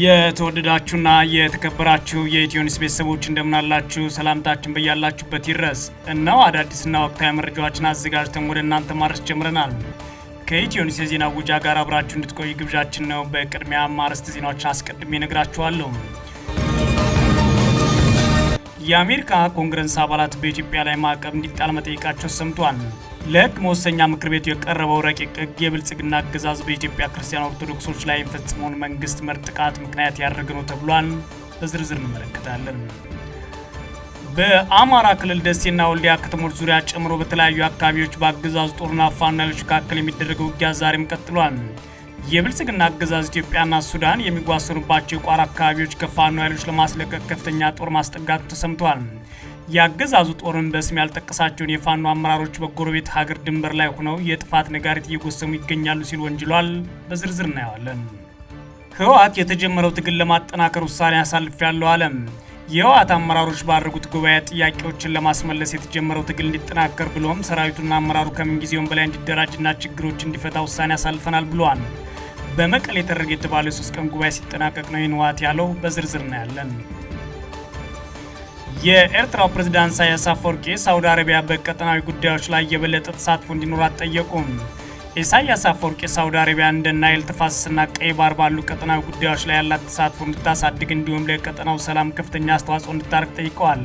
የተወደዳችሁና የተከበራችሁ የኢትዮኒስ ቤተሰቦች እንደምናላችሁ ሰላምታችን በያላችሁበት ይድረስ። እነው አዳዲስና ወቅታዊ መረጃዎችን አዘጋጅተን ወደ እናንተ ማድረስ ጀምረናል። ከኢትዮኒስ የዜና ጉጃ ጋር አብራችሁ እንድትቆዩ ግብዣችን ነው። በቅድሚያ ማርስት ዜናዎችን አስቀድሜ ነግራችኋለሁ። የአሜሪካ ኮንግረስ አባላት በኢትዮጵያ ላይ ማዕቀብ እንዲጣል መጠየቃቸው ሰምቷል። ለሕግ መወሰኛ ምክር ቤቱ የቀረበው ረቂቅ ህግ የብልጽግና አገዛዝ በኢትዮጵያ ክርስቲያን ኦርቶዶክሶች ላይ የሚፈጽመውን መንግስት መር ጥቃት ምክንያት ያደረገ ነው ተብሏል። በዝርዝር እንመለከታለን። በአማራ ክልል ደሴና ወልዲያ ከተሞች ዙሪያ ጨምሮ በተለያዩ አካባቢዎች በአገዛዙ ጦርና ፋኖ መካከል የሚደረገው ውጊያ ዛሬም ቀጥሏል። የብልጽግና አገዛዝ ኢትዮጵያና ሱዳን የሚጓሰኑባቸው የቋራ አካባቢዎች ከፋኖ ኃይሎች ለማስለቀቅ ከፍተኛ ጦር ማስጠጋቱ ተሰምቷል። የአገዛዙ ጦርን በስም ያልጠቀሳቸውን የፋኖ አመራሮች በጎረቤት ሀገር ድንበር ላይ ሆነው የጥፋት ነጋሪት እየጎሰሙ ይገኛሉ ሲል ወንጅሏል። በዝርዝር እናየዋለን። ህወሓት የተጀመረው ትግል ለማጠናከር ውሳኔ አሳልፍ ያለው አለም የህወሓት አመራሮች ባደረጉት ጉባኤ ጥያቄዎችን ለማስመለስ የተጀመረው ትግል እንዲጠናከር ብሎም ሰራዊቱና አመራሩ ከምንጊዜውም በላይ እንዲደራጅና ችግሮች እንዲፈታ ውሳኔ ያሳልፈናል ብሏል። በመቀሌ የተደረገ የተባለው የሶስት ቀን ጉባኤ ሲጠናቀቅ ነው ይህን ህወሓት ያለው። በዝርዝር እናያለን። የኤርትራው ፕሬዝዳንት ኢሳያስ አፈወርቄ ሳውዲ አረቢያ በቀጠናዊ ጉዳዮች ላይ የበለጠ ተሳትፎ እንዲኖራት ጠየቁም። ኢሳያስ አፈወርቄ ሳውዲ አረቢያ እንደ ናይል ተፋሰስና ቀይ ባህር ባሉ ቀጠናዊ ጉዳዮች ላይ ያላት ተሳትፎ እንድታሳድግ እንዲሁም ለቀጠናው ሰላም ከፍተኛ አስተዋጽኦ እንድታደርግ ጠይቀዋል።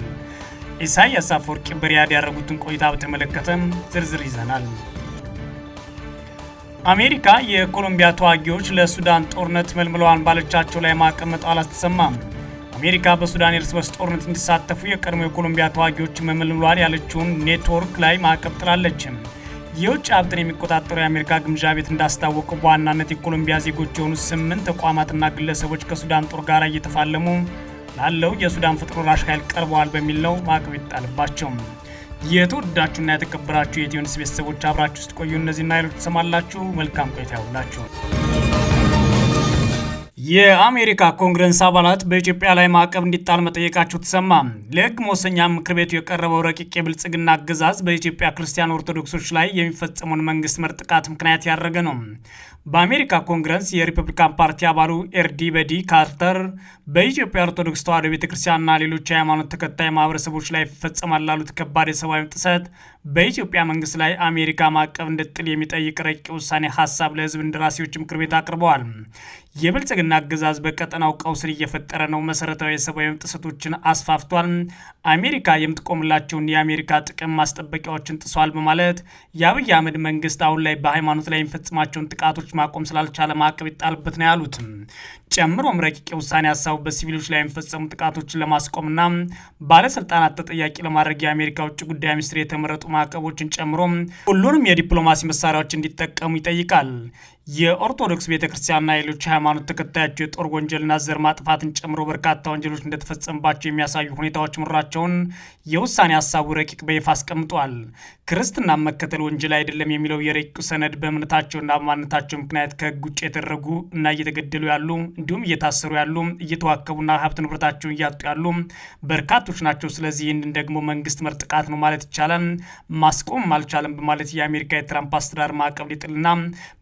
ኢሳያስ አፈወርቂ በሪያድ ያደረጉትን ቆይታ በተመለከተም ዝርዝር ይዘናል። አሜሪካ የኮሎምቢያ ተዋጊዎች ለሱዳን ጦርነት መልምለዋን ባለቻቸው ላይ ማዕቀብ መጣል አሜሪካ በሱዳን የእርስ በርስ ጦርነት እንዲሳተፉ የቀድሞ የኮሎምቢያ ተዋጊዎች መመልምሏል ያለችውን ኔትወርክ ላይ ማዕቀብ ጥላለችም። የውጭ ሀብትን የሚቆጣጠረው የአሜሪካ ግምዣ ቤት እንዳስታወቀው በዋናነት የኮሎምቢያ ዜጎች የሆኑ ስምንት ተቋማትና ግለሰቦች ከሱዳን ጦር ጋር እየተፋለሙ ላለው የሱዳን ፈጥኖ ደራሽ ኃይል ቀርበዋል በሚል ነው ማዕቀብ የተጣለባቸው። የተወዳችሁና የተከበራችሁ የኢትዮ ኒውስ ቤተሰቦች አብራችሁ ውስጥ ቆዩ። እነዚህና ሌሎች ትሰማላችሁ። መልካም ቆይታ ያውላችሁ። የአሜሪካ ኮንግረስ አባላት በኢትዮጵያ ላይ ማዕቀብ እንዲጣል መጠየቃቸው ተሰማ። ለሕግ መወሰኛ ምክር ቤቱ የቀረበው ረቂቅ የብልጽግና አገዛዝ በኢትዮጵያ ክርስቲያን ኦርቶዶክሶች ላይ የሚፈጸመውን መንግስት መር ጥቃት ምክንያት ያደረገ ነው። በአሜሪካ ኮንግረስ የሪፐብሊካን ፓርቲ አባሉ ኤርዲ በዲ ካርተር በኢትዮጵያ ኦርቶዶክስ ተዋሕዶ ቤተ ሌሎች የሃይማኖት ተከታይ ማህበረሰቦች ላይ ይፈጸማል ላሉት ከባድ የሰብአዊ ጥሰት በኢትዮጵያ መንግስት ላይ አሜሪካ ማዕቀብ እንድትጥል የሚጠይቅ ረቂቅ ውሳኔ ሀሳብ ለህዝብ እንደራሴዎች ምክር ቤት አቅርበዋል። የብልጽግና አገዛዝ በቀጠናው ቀውስር እየፈጠረ ነው። መሰረታዊ የሰብአዊ መብት ጥሰቶችን አስፋፍቷል። አሜሪካ የምትቆምላቸውን የአሜሪካ ጥቅም ማስጠበቂያዎችን ጥሷል በማለት የአብይ አህመድ መንግስት አሁን ላይ በሃይማኖት ላይ የሚፈጽማቸውን ጥቃቶች ማቆም ስላልቻለ ማዕቀብ ይጣልበት ነው ያሉት። ጨምሮም ረቂቅ ውሳኔ ሀሳቡ በሲቪሎች ላይ የሚፈጸሙ ጥቃቶችን ለማስቆምና ባለስልጣናት ተጠያቂ ለማድረግ የአሜሪካ ውጭ ጉዳይ ሚኒስትር የተመረጡ ማዕቀቦችን ጨምሮ ሁሉንም የዲፕሎማሲ መሳሪያዎች እንዲጠቀሙ ይጠይቃል። የኦርቶዶክስ ቤተክርስቲያንና ሌሎች ሃይማ የሃይማኖት ተከታያቸው የጦር ወንጀልና ዘር ማጥፋትን ጨምሮ በርካታ ወንጀሎች እንደተፈጸመባቸው የሚያሳዩ ሁኔታዎች ምራቸውን የውሳኔ ሀሳቡ ረቂቅ በይፋ አስቀምጧል። ክርስትና መከተል ወንጀል አይደለም የሚለው የረቂቁ ሰነድ በእምነታቸውና በማንነታቸው ምክንያት ከህግ ውጭ የተደረጉ እና እየተገደሉ ያሉ እንዲሁም እየታሰሩ ያሉ እየተዋከቡና ሀብት ንብረታቸውን እያጡ ያሉ በርካቶች ናቸው። ስለዚህ ይህንን ደግሞ መንግስት መር ጥቃት ነው ማለት ይቻላል ማስቆም አልቻለም በማለት የአሜሪካ የትራምፕ አስተዳደር ማዕቀብ ሊጥልና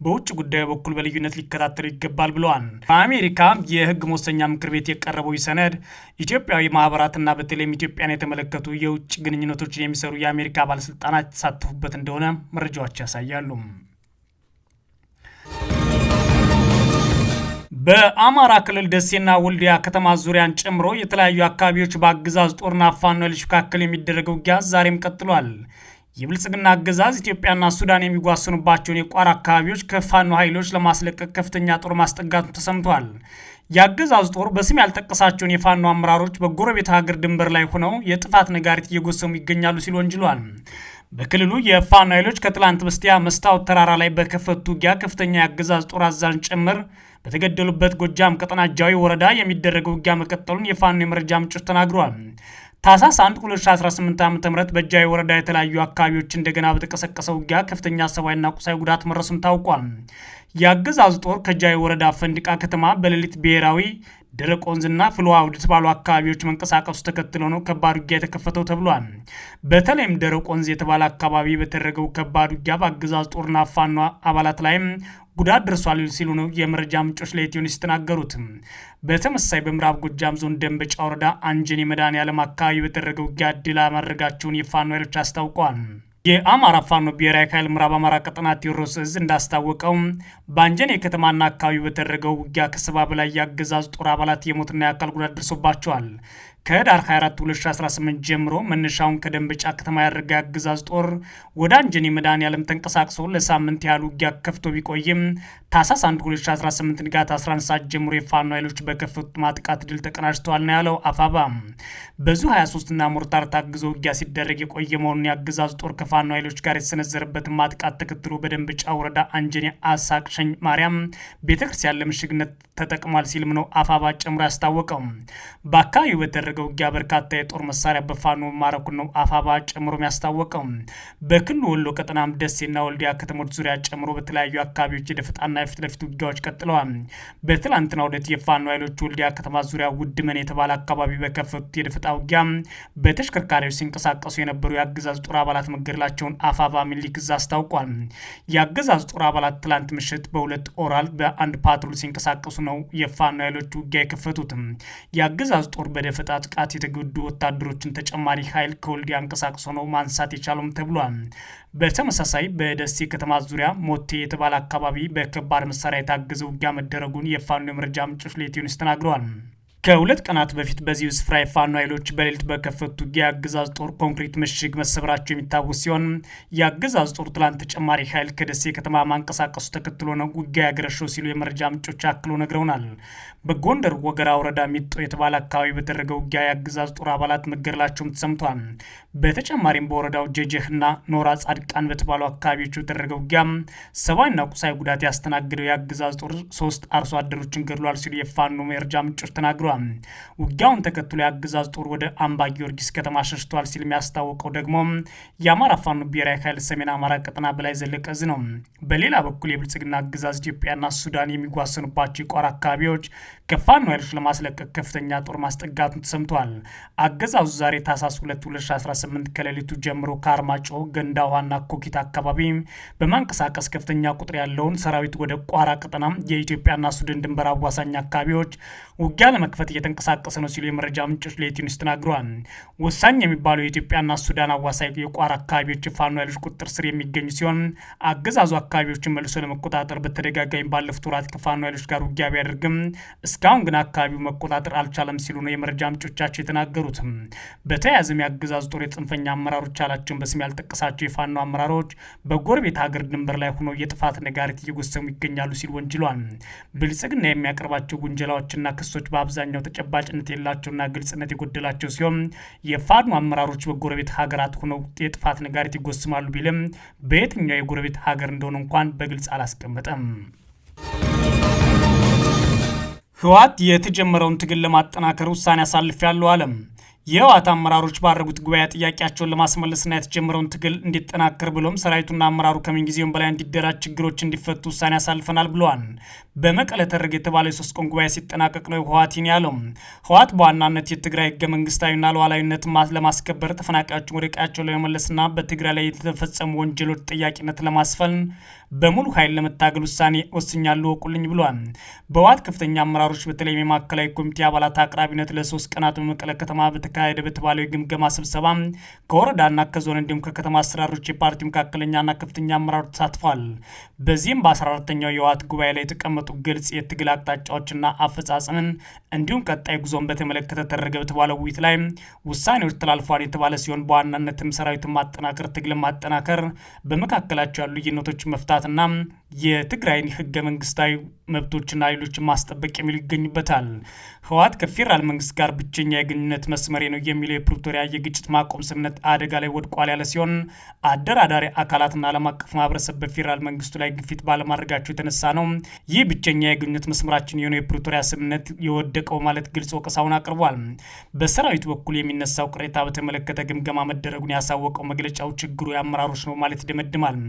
በውጭ ጉዳዩ በኩል በልዩነት ሊከታተሉ ይገባል ብለዋል። ተናግረዋል። በአሜሪካ የህግ መወሰኛ ምክር ቤት የቀረበው ሰነድ ኢትዮጵያዊ ማህበራትና በተለይም ኢትዮጵያን የተመለከቱ የውጭ ግንኙነቶችን የሚሰሩ የአሜሪካ ባለስልጣናት የተሳተፉበት እንደሆነ መረጃዎች ያሳያሉ። በአማራ ክልል ደሴና ወልዲያ ከተማ ዙሪያን ጨምሮ የተለያዩ አካባቢዎች በአገዛዝ ጦርና ፋኖ ኃይሎች መካከል የሚደረገው ውጊያ ዛሬም ቀጥሏል። የብልጽግና አገዛዝ ኢትዮጵያና ሱዳን የሚጓሰኑባቸውን የቋራ አካባቢዎች ከፋኖ ኃይሎች ለማስለቀቅ ከፍተኛ ጦር ማስጠጋቱ ተሰምቷል። የአገዛዝ ጦር በስም ያልጠቀሳቸውን የፋኖ አመራሮች በጎረቤት ሀገር ድንበር ላይ ሆነው የጥፋት ነጋሪት እየጎሰሙ ይገኛሉ ሲል ወንጅሏል። በክልሉ የፋኖ ኃይሎች ከትላንት በስቲያ መስታወት ተራራ ላይ በከፈቱ ውጊያ ከፍተኛ የአገዛዝ ጦር አዛዥን ጭምር በተገደሉበት ጎጃም ቀጠና ጃዊ ወረዳ የሚደረገው ውጊያ መቀጠሉን የፋኖ የመረጃ ምንጮች ተናግረዋል። ታህሳስ 1 2018 ዓ ም በእጃዊ ወረዳ የተለያዩ አካባቢዎች እንደገና በተቀሰቀሰ ውጊያ ከፍተኛ ሰብአዊና ቁሳዊ ጉዳት መድረሱም ታውቋል። የአገዛዙ ጦር ከጃዊ ወረዳ ፈንድቃ ከተማ በሌሊት ብሔራዊ ደረቅ ወንዝና ፍልውሃ ውድት ባሉ አካባቢዎች መንቀሳቀሱ ተከትሎ ነው ከባድ ውጊያ የተከፈተው ተብሏል። በተለይም ደረቅ ወንዝ የተባለ አካባቢ በተደረገው ከባድ ውጊያ በአገዛዝ ጦርና ፋኖ አባላት ላይም ጉዳት ደርሷል ሲሉ ነው የመረጃ ምንጮች ለኢትዮ ኒውስ የተናገሩት። በተመሳሳይ በምዕራብ ጎጃም ዞን ደንበጫ ወረዳ አንጀኔ መድኃኔዓለም አካባቢ በተደረገ ውጊያ ድል ማድረጋቸውን የፋኖ ኃይሎች አስታውቋል። የአማራ ፋኖ ብሔራዊ ኃይል ምዕራብ አማራ ቀጠና ቴዎድሮስ እዝ እንዳስታወቀው በአንጀኔ ከተማና አካባቢ በተደረገው ውጊያ ከሰባ በላይ የአገዛዙ ጦር አባላት የሞትና የአካል ጉዳት ደርሶባቸዋል። ከህዳር 24 2018 ጀምሮ መነሻውን ከደንበጫ ከተማ ያደረገ አገዛዝ ጦር ወደ አንጀኔ መድኃኔዓለም ተንቀሳቅሶ ለሳምንት ያህል ውጊያ ከፍቶ ቢቆይም ታህሳስ 1 2018 ንጋት 11 ሰዓት ጀምሮ የፋኖ ኃይሎች በከፈቱት ማጥቃት ድል ተቀናጅተዋል ነው ያለው አፋባ። በዙ 23 ና ሞርታር ታግዞ ውጊያ ሲደረግ የቆየ መሆኑን የአገዛዝ ጦር ከፋኖ ኃይሎች ጋር የተሰነዘረበትን ማጥቃት ተከትሎ በደንበጫ ወረዳ አንጀኔ አሳቅሸኝ ማርያም ቤተክርስቲያን ለምሽግነት ተጠቅሟል ሲልም ነው አፋባ ጨምሮ ያስታወቀው። በአካባቢው በተደረገ በተደረገው ውጊያ በርካታ የጦር መሳሪያ በፋኖ ማረኩን ነው አፋባ ጨምሮ ያስታወቀው። በክልሉ ወሎ ቀጠናም ደሴና ወልዲያ ከተሞች ዙሪያ ጨምሮ በተለያዩ አካባቢዎች የደፈጣና የፊት ለፊት ውጊያዎች ቀጥለዋል። በትላንትና ዕለት የፋኖ ኃይሎች ወልዲያ ከተማ ዙሪያ ውድመን የተባለ አካባቢ በከፈቱት የደፈጣ ውጊያ በተሽከርካሪዎች ሲንቀሳቀሱ የነበሩ የአገዛዝ ጦር አባላት መገደላቸውን አፋባ ሚኒሊክ እዝ አስታውቋል። የአገዛዝ ጦር አባላት ትላንት ምሽት በሁለት ኦራል በአንድ ፓትሮል ሲንቀሳቀሱ ነው የፋኖ ኃይሎች ውጊያ የከፈቱት። የአገዛዝ ጦር በደፈጣ ጥቃት የተጎዱ ወታደሮችን ተጨማሪ ኃይል ከወልዲያ አንቀሳቅሶ ነው ማንሳት የቻለውም ተብሏል። በተመሳሳይ በደሴ ከተማ ዙሪያ ሞቴ የተባለ አካባቢ በከባድ መሳሪያ የታገዘ ውጊያ መደረጉን የፋኖ የመረጃ ምንጮች ለኢትዮ ኒውስ ተናግረዋል። ከሁለት ቀናት በፊት በዚሁ ስፍራ የፋኖ ኃይሎች በሌሊት በከፈቱት ውጊያ የአገዛዝ ጦር ኮንክሪት ምሽግ መሰብራቸው የሚታወስ ሲሆን የአገዛዝ ጦር ትላንት ተጨማሪ ኃይል ከደሴ ከተማ ማንቀሳቀሱ ተከትሎ ነው ውጊያ ያገረሸው ሲሉ የመረጃ ምንጮች አክሎ ነግረውናል። በጎንደር ወገራ ወረዳ ሚጦ የተባለ አካባቢ በተደረገ ውጊያ የአገዛዝ ጦር አባላት መገደላቸውም ተሰምቷል። በተጨማሪም በወረዳው ጀጀህና ኖራ ጻድቃን በተባሉ አካባቢዎች በተደረገ ውጊያ ሰብአዊና ቁሳዊ ጉዳት ያስተናገደው የአገዛዝ ጦር ሶስት አርሶ አደሮችን ገድሏል ሲሉ የፋኖ መረጃ ምንጮች ተናግረዋል። ተናግረዋል። ውጊያውን ተከትሎ የአገዛዝ ጦር ወደ አምባ ጊዮርጊስ ከተማ ሸሽቷል ሲል የሚያስታወቀው ደግሞ የአማራ ፋኖ ብሔራዊ ኃይል ሰሜን አማራ ቀጠና በላይ ዘለቀ እዝ ነው። በሌላ በኩል የብልጽግና አገዛዝ ኢትዮጵያና ሱዳን የሚጓሰኑባቸው የቋራ አካባቢዎች ከፋኖ ኃይሎች ለማስለቀቅ ከፍተኛ ጦር ማስጠጋቱን ተሰምቷል። አገዛዙ ዛሬ ታህሳስ 2 2018 ከሌሊቱ ጀምሮ ከአርማጮ ገንዳ ውሃና ኮኪት አካባቢ በማንቀሳቀስ ከፍተኛ ቁጥር ያለውን ሰራዊት ወደ ቋራ ቀጠና የኢትዮጵያና ሱዳን ድንበር አዋሳኝ አካባቢዎች ውጊያ ለመክፈት ለመመከት እየተንቀሳቀሰ ነው ሲሉ የመረጃ ምንጮች ለኢትዮኒውስ ተናግረዋል። ወሳኝ የሚባለው የኢትዮጵያና ሱዳን አዋሳኝ የቋራ አካባቢዎች የፋኖ ኃይሎች ቁጥጥር ስር የሚገኙ ሲሆን አገዛዙ አካባቢዎችን መልሶ ለመቆጣጠር በተደጋጋሚ ባለፉት ወራት ከፋኖ ኃይሎች ጋር ውጊያ ቢያደርግም እስካሁን ግን አካባቢው መቆጣጠር አልቻለም ሲሉ ነው የመረጃ ምንጮቻቸው የተናገሩት። በተያያዘም የአገዛዙ ጦር የጽንፈኛ አመራሮች ያላቸውን በስም ያልጠቀሳቸው የፋኖ አመራሮች በጎረቤት ሀገር ድንበር ላይ ሆነው የጥፋት ነጋሪት እየጎሰሙ ይገኛሉ ሲል ወንጅሏል። ብልጽግና የሚያቀርባቸው ውንጀላዎችና ክሶች በአብዛኛው አብዛኛው ተጨባጭነት የላቸውና ግልጽነት የጎደላቸው ሲሆን የፋኖ አመራሮች በጎረቤት ሀገራት ሆነው የጥፋት ነጋሪት ይጎስማሉ ቢልም በየትኛው የጎረቤት ሀገር እንደሆነ እንኳን በግልጽ አላስቀመጠም። ህወሓት የተጀመረውን ትግል ለማጠናከር ውሳኔ አሳልፍ ያለው አለም የህወሓት አመራሮች ባደረጉት ጉባኤ ጥያቄያቸውን ለማስመለስና የተጀመረውን ትግል እንዲጠናከር ብሎም ሰራዊቱና አመራሩ ከምንጊዜውም በላይ እንዲደራጅ፣ ችግሮች እንዲፈቱ ውሳኔ ያሳልፈናል ብለዋል። በመቀለ ተደረገ የተባለው የሶስት ቀን ጉባኤ ሲጠናቀቅ ነው ህወሓትን ያለው። ህወሓት በዋናነት የትግራይ ህገ መንግስታዊና ሉዓላዊነት ለማስከበር ተፈናቃዮችን ወደ ቀያቸው ለመመለስና በትግራይ ላይ የተፈጸሙ ወንጀሎች ጥያቄነት ለማስፈን በሙሉ ኃይል ለመታገል ውሳኔ ወስኛለሁ ወቁልኝ ብሏል። በዋት ከፍተኛ አመራሮች በተለይም የማዕከላዊ ኮሚቴ አባላት አቅራቢነት ለሶስት ቀናት በመቀለ ከተማ በተካሄደ በተባለው የግምገማ ስብሰባ ከወረዳና ከዞን እንዲሁም ከከተማ አሰራሮች የፓርቲ መካከለኛና ከፍተኛ አመራሮች ተሳትፏል። በዚህም በ14ተኛው የህወሓት ጉባኤ ላይ የተቀመጡ ግልጽ የትግል አቅጣጫዎችና አፈጻጸምን እንዲሁም ቀጣይ ጉዞን በተመለከተ ተደረገ በተባለው ውይይት ላይ ውሳኔዎች ተላልፏል የተባለ ሲሆን በዋናነትም ሰራዊትን ማጠናከር፣ ትግልን ማጠናከር፣ በመካከላቸው ያሉ ልዩነቶች መፍታት ማንሳትና የትግራይን ህገ መንግስታዊ መብቶችና ሌሎች ማስጠበቅ የሚሉ ይገኙበታል። ህወሓት ከፌዴራል መንግስት ጋር ብቸኛ የግንኙነት መስመሬ ነው የሚለው የፕሪቶሪያ የግጭት ማቆም ስምምነት አደጋ ላይ ወድቋል ያለ ሲሆን አደራዳሪ አካላትና ዓለም አቀፍ ማህበረሰብ በፌዴራል መንግስቱ ላይ ግፊት ባለማድረጋቸው የተነሳ ነው ይህ ብቸኛ የግንኙነት መስመራችን የሆነው የፕሪቶሪያ ስምምነት የወደቀው ማለት ግልጽ ወቀሳውን አቅርቧል። በሰራዊት በኩል የሚነሳው ቅሬታ በተመለከተ ግምገማ መደረጉን ያሳወቀው መግለጫው ችግሩ የአመራሮች ነው ማለት ይደመድማል።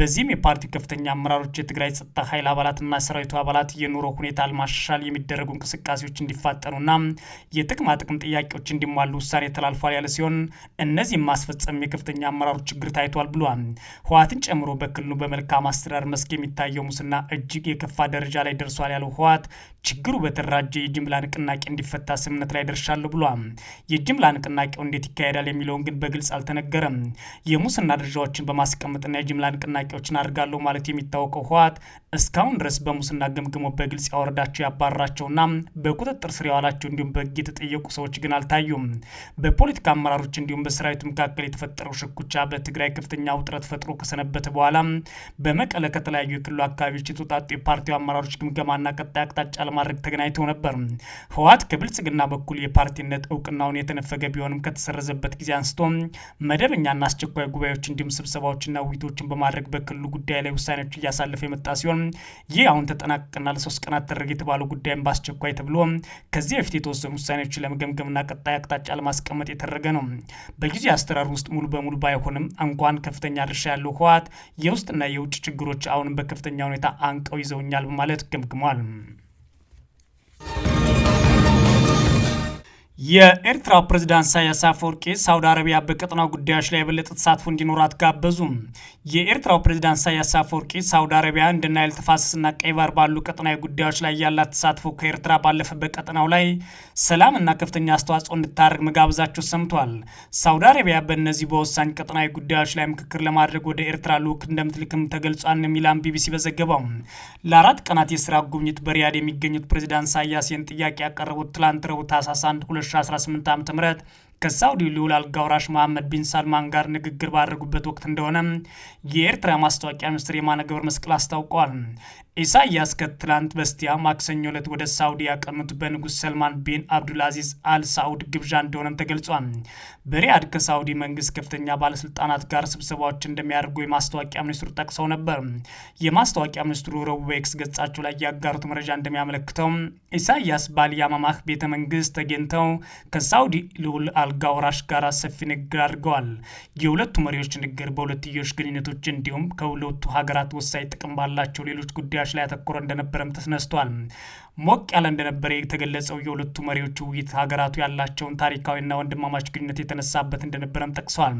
በዚህም የፓርቲ ፓርቲ ከፍተኛ አመራሮች የትግራይ ጸጥታ ኃይል አባላትና ሰራዊቱ አባላት የኑሮ ሁኔታ ለማሻሻል የሚደረጉ እንቅስቃሴዎች እንዲፋጠኑና የጥቅማ ጥቅም ጥያቄዎች እንዲሟሉ ውሳኔ ተላልፏል ያለ ሲሆን እነዚህ ማስፈጸም የከፍተኛ አመራሮች ችግር ታይቷል ብሏል። ህወሓትን ጨምሮ በክልሉ በመልካም አስተዳደር መስክ የሚታየው ሙስና እጅግ የከፋ ደረጃ ላይ ደርሷል ያለው ህወሓት ችግሩ በተደራጀ የጅምላ ንቅናቄ እንዲፈታ ስምምነት ላይ ደርሻለሁ ብሏል። የጅምላ ንቅናቄው እንዴት ይካሄዳል የሚለውን ግን በግልጽ አልተነገረም። የሙስና ደረጃዎችን በማስቀመጥና የጅምላ ንቅናቄዎችን አድርጋለሁ ማለት የሚታወቀው ህወሓት እስካሁን ድረስ በሙስና ገምግሞ በግልጽ ያወረዳቸው ያባረራቸውና በቁጥጥር ስር የዋላቸው እንዲሁም በህግ የተጠየቁ ሰዎች ግን አልታዩም። በፖለቲካ አመራሮች እንዲሁም በሰራዊቱ መካከል የተፈጠረው ሽኩቻ በትግራይ ከፍተኛ ውጥረት ፈጥሮ ከሰነበተ በኋላ በመቀለ ከተለያዩ የክልሉ አካባቢዎች የተውጣጡ የፓርቲው አመራሮች ግምገማና ቀጣይ አቅጣጫ ለማድረግ ተገናኝተው ነበር። ህወሓት ከብልጽግና በኩል የፓርቲነት እውቅናውን ሰሞኑን የተነፈገ ቢሆንም ከተሰረዘበት ጊዜ አንስቶ መደበኛና አስቸኳይ ጉባኤዎች እንዲሁም ስብሰባዎችና ውይይቶችን በማድረግ በክልሉ ጉዳይ ላይ ውሳኔዎች እያሳለፈ የመጣ ሲሆን ይህ አሁን ተጠናቀቀና ለሶስት ቀናት ተደረገ የተባለው ጉዳይም በአስቸኳይ ተብሎ ከዚህ በፊት የተወሰኑ ውሳኔዎችን ለመገምገምና ቀጣይ አቅጣጫ ለማስቀመጥ የተደረገ ነው። በጊዜ አስተራር ውስጥ ሙሉ በሙሉ ባይሆንም እንኳን ከፍተኛ ድርሻ ያለው ህወሓት የውስጥና የውጭ ችግሮች አሁንም በከፍተኛ ሁኔታ አንቀው ይዘውኛል በማለት ገምግሟል። የኤርትራ ፕሬዚዳንት ኢሳያስ አፈወርቂ ሳውዲ አረቢያ በቀጠናው ጉዳዮች ላይ የበለጠ ተሳትፎ እንዲኖራት ጋበዙ። የኤርትራው ፕሬዚዳንት ኢሳያስ አፈወርቂ ሳውዲ አረቢያ እንደ ናይል ተፋሰስና ቀይ ባህር ባሉ ቀጠናዊ ጉዳዮች ላይ ያላት ተሳትፎ ከኤርትራ ባለፈ በቀጠናው ላይ ሰላምና ከፍተኛ አስተዋጽኦ እንድታደርግ መጋበዛቸው ሰምቷል። ሳውዲ አረቢያ በእነዚህ በወሳኝ ቀጠናዊ ጉዳዮች ላይ ምክክር ለማድረግ ወደ ኤርትራ ልዑክ እንደምትልክም ተገልጿል የሚላን ቢቢሲ በዘገባው። ለአራት ቀናት የስራ ጉብኝት በሪያድ የሚገኙት ፕሬዚዳንት ኢሳያስ ይህን ጥያቄ ያቀረቡት ትላንት ረቡዕ ታህሳስ 1 2018 ዓ ም ከሳውዲ ልዑል አልጋ ወራሽ መሐመድ ቢን ሳልማን ጋር ንግግር ባደረጉበት ወቅት እንደሆነ የኤርትራ ማስታወቂያ ሚኒስትር የማነ ገብረ መስቀል አስታውቀዋል። ኢሳያስ ከትላንት በስቲያ ማክሰኞ ዕለት ወደ ሳውዲ ያቀኑት በንጉሥ ሰልማን ቢን አብዱልአዚዝ አል ሳኡድ ግብዣ እንደሆነም ተገልጿል። በሪያድ ከሳውዲ መንግስት ከፍተኛ ባለስልጣናት ጋር ስብሰባዎች እንደሚያደርጉ የማስታወቂያ ሚኒስትሩ ጠቅሰው ነበር። የማስታወቂያ ሚኒስትሩ ረቡዕ በኤክስ ገጻቸው ላይ ያጋሩት መረጃ እንደሚያመለክተው ኢሳያስ ባልያማማህ ቤተ መንግስት ተገኝተው ከሳውዲ ልዑል አልጋ ወራሽ ጋር ሰፊ ንግግር አድርገዋል። የሁለቱ መሪዎች ንግግር በሁለትዮሽ ግንኙነቶች እንዲሁም ከሁለቱ ሀገራት ወሳኝ ጥቅም ባላቸው ሌሎች ጉዳዮች ላይ ያተኮረ እንደነበረም ተነስቷል። ሞቅ ያለ እንደነበረ የተገለጸው የሁለቱ መሪዎች ውይይት ሀገራቱ ያላቸውን ታሪካዊና ወንድማማች ግንኙነት የተነሳበት እንደነበረም ጠቅሰዋል።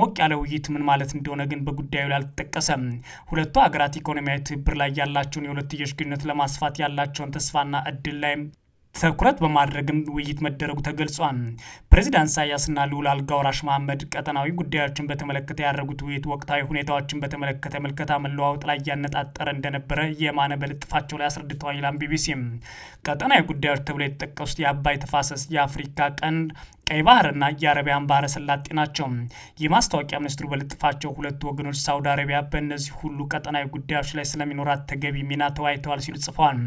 ሞቅ ያለ ውይይት ምን ማለት እንደሆነ ግን በጉዳዩ ላይ አልተጠቀሰም። ሁለቱ ሀገራት ኢኮኖሚያዊ ትብብር ላይ ያላቸውን የሁለትዮሽ ግንኙነት ለማስፋት ያላቸውን ተስፋና እድል ላይም ትኩረት በማድረግም ውይይት መደረጉ ተገልጿል። ፕሬዚዳንት ኢሳያስና ልዑል አልጋ ወራሽ መሐመድ ቀጠናዊ ጉዳዮችን በተመለከተ ያደረጉት ውይይት ወቅታዊ ሁኔታዎችን በተመለከተ መልከታ መለዋወጥ ላይ እያነጣጠረ እንደነበረ የማነ በልጥፋቸው ላይ አስረድተዋል። ይላም ቢቢሲ ቀጠናዊ ጉዳዮች ተብሎ የተጠቀሱት የአባይ ተፋሰስ፣ የአፍሪካ ቀንድ ቀይ ባህርና የአረቢያን ባህረ ሰላጤ ናቸው። የማስታወቂያ ሚኒስትሩ በልጥፋቸው ሁለቱ ወገኖች ሳውዲ አረቢያ በእነዚህ ሁሉ ቀጠናዊ ጉዳዮች ላይ ስለሚኖራት ተገቢ ሚና ተወያይተዋል ሲሉ ጽፈዋል።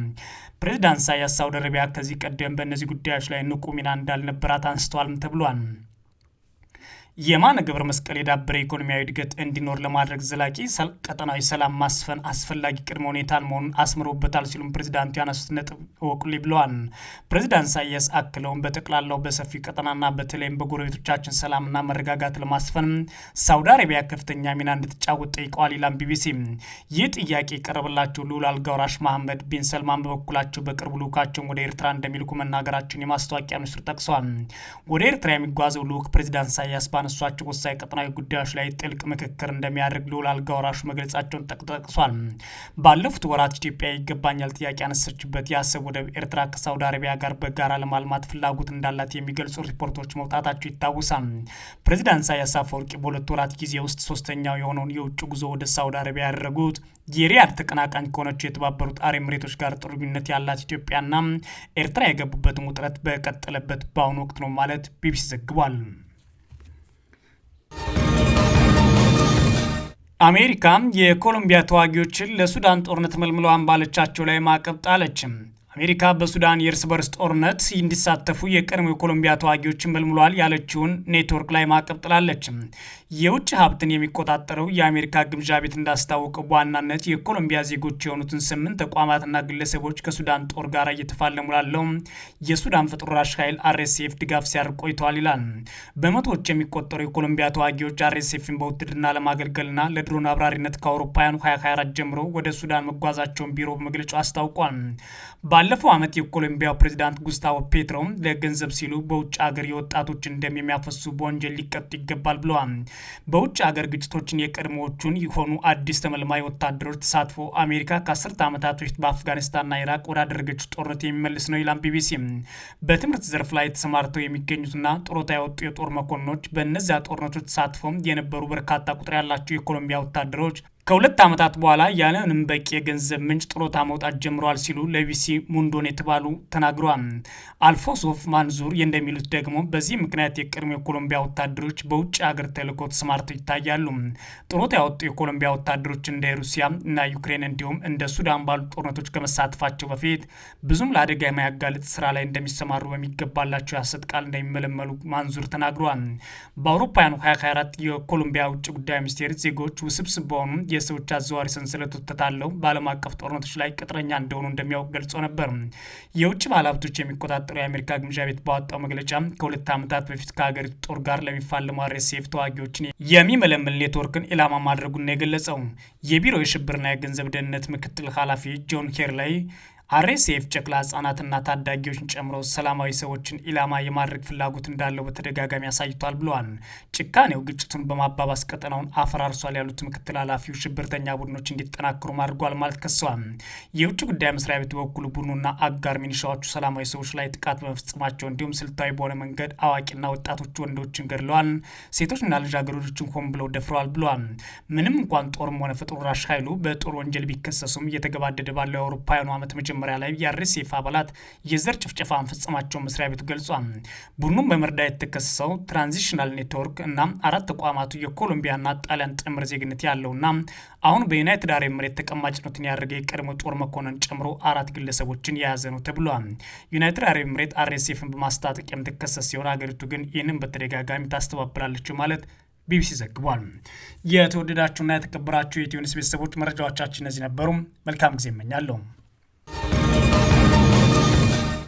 ፕሬዚዳንት ኢሳያስ ሳውዲ አረቢያ ከዚህ ቀደም በእነዚህ ጉዳዮች ላይ ንቁ ሚና እንዳልነበራት አንስተዋልም ተብሏል። የማነ ገብረ መስቀል የዳበረ ኢኮኖሚያዊ እድገት እንዲኖር ለማድረግ ዘላቂ ቀጠናዊ ሰላም ማስፈን አስፈላጊ ቅድመ ሁኔታን መሆኑን አስምሮበታል ሲሉም ፕሬዚዳንቱ ያነሱት ነጥብ እወቁልኝ ብለዋል። ፕሬዚዳንት ኢሳያስ አክለውን በጠቅላላው በሰፊው ቀጠናና በተለይም በጎረቤቶቻችን ሰላምና መረጋጋት ለማስፈን ሳውዲ አረቢያ ከፍተኛ ሚና እንድትጫወት ጠይቀዋል ይላም ቢቢሲ። ይህ ጥያቄ የቀረበላቸው ልዑል አልጋውራሽ መሐመድ ቢን ሰልማን በበኩላቸው በቅርቡ ልዑካቸውን ወደ ኤርትራ እንደሚልኩ መናገራቸውን የማስታወቂያ ሚኒስትሩ ጠቅሰዋል። ወደ ኤርትራ የሚጓዘው ልዑክ ፕሬዚዳንት ኢሳያስ ባነ ባነሷቸው ወሳኝ ቀጠናዊ ጉዳዮች ላይ ጥልቅ ምክክር እንደሚያደርግ ልዑል አልጋ ወራሹ መግለጻቸውን ጠቅጠቅሷል። ባለፉት ወራት ኢትዮጵያ ይገባኛል ጥያቄ ያነሰችበት የአሰብ ወደብ ኤርትራ ከሳውዲ አረቢያ ጋር በጋራ ለማልማት ፍላጎት እንዳላት የሚገልጹ ሪፖርቶች መውጣታቸው ይታወሳል። ፕሬዚዳንት ኢሳያስ አፈወርቂ በሁለት ወራት ጊዜ ውስጥ ሶስተኛው የሆነውን የውጭ ጉዞ ወደ ሳውዲ አረቢያ ያደረጉት የሪያድ ተቀናቃኝ ከሆነችው የተባበሩት አረብ ጋር ጥሩ ግንኙነት ያላት ኢትዮጵያና ኤርትራ የገቡበትን ውጥረት በቀጠለበት በአሁኑ ወቅት ነው ማለት ቢቢሲ ዘግቧል። አሜሪካ የኮሎምቢያ ተዋጊዎችን ለሱዳን ጦርነት መልምለዋን ባለቻቸው ላይ ማዕቀብ ጣለችም። አሜሪካ በሱዳን የእርስ በርስ ጦርነት እንዲሳተፉ የቀድሞ የኮሎምቢያ ተዋጊዎችን መልምሏል ያለችውን ኔትወርክ ላይ ማዕቀብ ጥላለች። የውጭ ሀብትን የሚቆጣጠረው የአሜሪካ ግምጃ ቤት እንዳስታወቀው በዋናነት የኮሎምቢያ ዜጎች የሆኑትን ስምንት ተቋማትና ግለሰቦች ከሱዳን ጦር ጋር እየተፋለሙ ላለው የሱዳን ፈጥኖ ደራሽ ኃይል አርኤስኤፍ ድጋፍ ሲያደርግ ቆይተዋል ይላል። በመቶዎች የሚቆጠሩ የኮሎምቢያ ተዋጊዎች አርኤስኤፍን በውትድርና ለማገልገልና ለድሮን አብራሪነት ከአውሮፓውያኑ 2024 ጀምሮ ወደ ሱዳን መጓዛቸውን ቢሮ በመግለጫው አስታውቋል። ባለፈው ዓመት የኮሎምቢያው ፕሬዚዳንት ጉስታቮ ፔትሮ ለገንዘብ ሲሉ በውጭ ሀገር የወጣቶችን እንደም የሚያፈሱ በወንጀል ሊቀጡ ይገባል ብለዋል። በውጭ ሀገር ግጭቶችን የቀድሞዎቹን የሆኑ አዲስ ተመልማይ ወታደሮች ተሳትፎ አሜሪካ ከአስርተ ዓመታት በፊት በአፍጋኒስታንና ኢራቅ ወዳደረገች ጦርነት የሚመልስ ነው ይላል ቢቢሲ። በትምህርት ዘርፍ ላይ ተሰማርተው የሚገኙትና ጡረታ ያወጡ የጦር መኮንኖች በእነዚያ ጦርነቶች ተሳትፎም የነበሩ በርካታ ቁጥር ያላቸው የኮሎምቢያ ወታደሮች ከሁለት ዓመታት በኋላ ያለምንም በቂ የገንዘብ ምንጭ ጥሎታ መውጣት ጀምረዋል ሲሉ ለቢሲ ሙንዶን የተባሉ ተናግረዋል። አልፎሶፍ ማንዙር እንደሚሉት ደግሞ በዚህ ምክንያት የቀድሞ የኮሎምቢያ ወታደሮች በውጭ ሀገር ተልእኮ ተሰማርተው ይታያሉ። ጥሮታ ያወጡ የኮሎምቢያ ወታደሮች እንደ ሩሲያ እና ዩክሬን እንዲሁም እንደ ሱዳን ባሉ ጦርነቶች ከመሳተፋቸው በፊት ብዙም ለአደጋ የማያጋልጥ ስራ ላይ እንደሚሰማሩ በሚገባላቸው የሐሰት ቃል እንደሚመለመሉ ማንዙር ተናግረዋል። በአውሮፓውያኑ 2024 የኮሎምቢያ ውጭ ጉዳይ ሚኒስቴር ዜጎች ውስብስብ በሆኑ የሰዎች አዘዋሪ ሰንሰለት ተታለው በዓለም አቀፍ ጦርነቶች ላይ ቅጥረኛ እንደሆኑ እንደሚያውቅ ገልጾ ነበር። የውጭ ባለሀብቶች የሚቆጣጠሩ የአሜሪካ ግምጃ ቤት ባወጣው መግለጫ ከሁለት ዓመታት በፊት ከሀገሪቱ ጦር ጋር ለሚፋለሙ አርኤስኤፍ ተዋጊዎችን የሚመለምል ኔትወርክን ኢላማ ማድረጉን ነው የገለጸው። የቢሮ የሽብርና የገንዘብ ደህንነት ምክትል ኃላፊ ጆን ኬር ላይ አርኤስኤፍ ጨቅላ ህጻናትና ታዳጊዎችን ጨምሮ ሰላማዊ ሰዎችን ኢላማ የማድረግ ፍላጎት እንዳለው በተደጋጋሚ አሳይቷል ብለዋል። ጭካኔው ግጭቱን በማባባስ ቀጠናውን አፈራርሷል ያሉት ምክትል ኃላፊው ሽብርተኛ ቡድኖች እንዲጠናከሩ አድርጓል ማለት ከሰዋል። የውጭ ጉዳይ መስሪያ ቤት በበኩሉ ቡድኑና አጋር ሚኒሻዎቹ ሰላማዊ ሰዎች ላይ ጥቃት በመፍጸማቸው እንዲሁም ስልታዊ በሆነ መንገድ አዋቂና ወጣቶች ወንዶችን ገድለዋል፣ ሴቶችና ልጃገረዶችን ሆን ብለው ደፍረዋል ብለዋል። ምንም እንኳን ጦርም ሆነ ፈጥኖ ደራሽ ኃይሉ በጦር ወንጀል ቢከሰሱም እየተገባደደ ባለው የአውሮፓውያኑ ዓመት መጀመ መጀመሪያ ላይ የአርኤስኤፍ አባላት የዘር ጭፍጨፋ መፈጸማቸውን መስሪያ ቤቱ ገልጿል። ቡድኑን በመርዳት የተከሰሰው ትራንዚሽናል ኔትወርክ እና አራት ተቋማቱ የኮሎምቢያና ጣሊያን ጥምር ዜግነት ያለውና አሁን በዩናይትድ አረብ ኤምሬት ተቀማጭነትን ያደረገ የቀድሞ ጦር መኮንን ጨምሮ አራት ግለሰቦችን የያዘ ነው ተብሏል። ዩናይትድ አረብ ኤምሬት አርኤስኤፍን በማስታጠቅ የምትከሰስ ሲሆን አገሪቱ ግን ይህንን በተደጋጋሚ ታስተባብላለችው ማለት ቢቢሲ ዘግቧል። የተወደዳችሁና የተከበራችሁ የኢትዮ ኒውስ ቤተሰቦች መረጃዎቻችን እነዚህ ነበሩ። መልካም ጊዜ እመኛለሁ።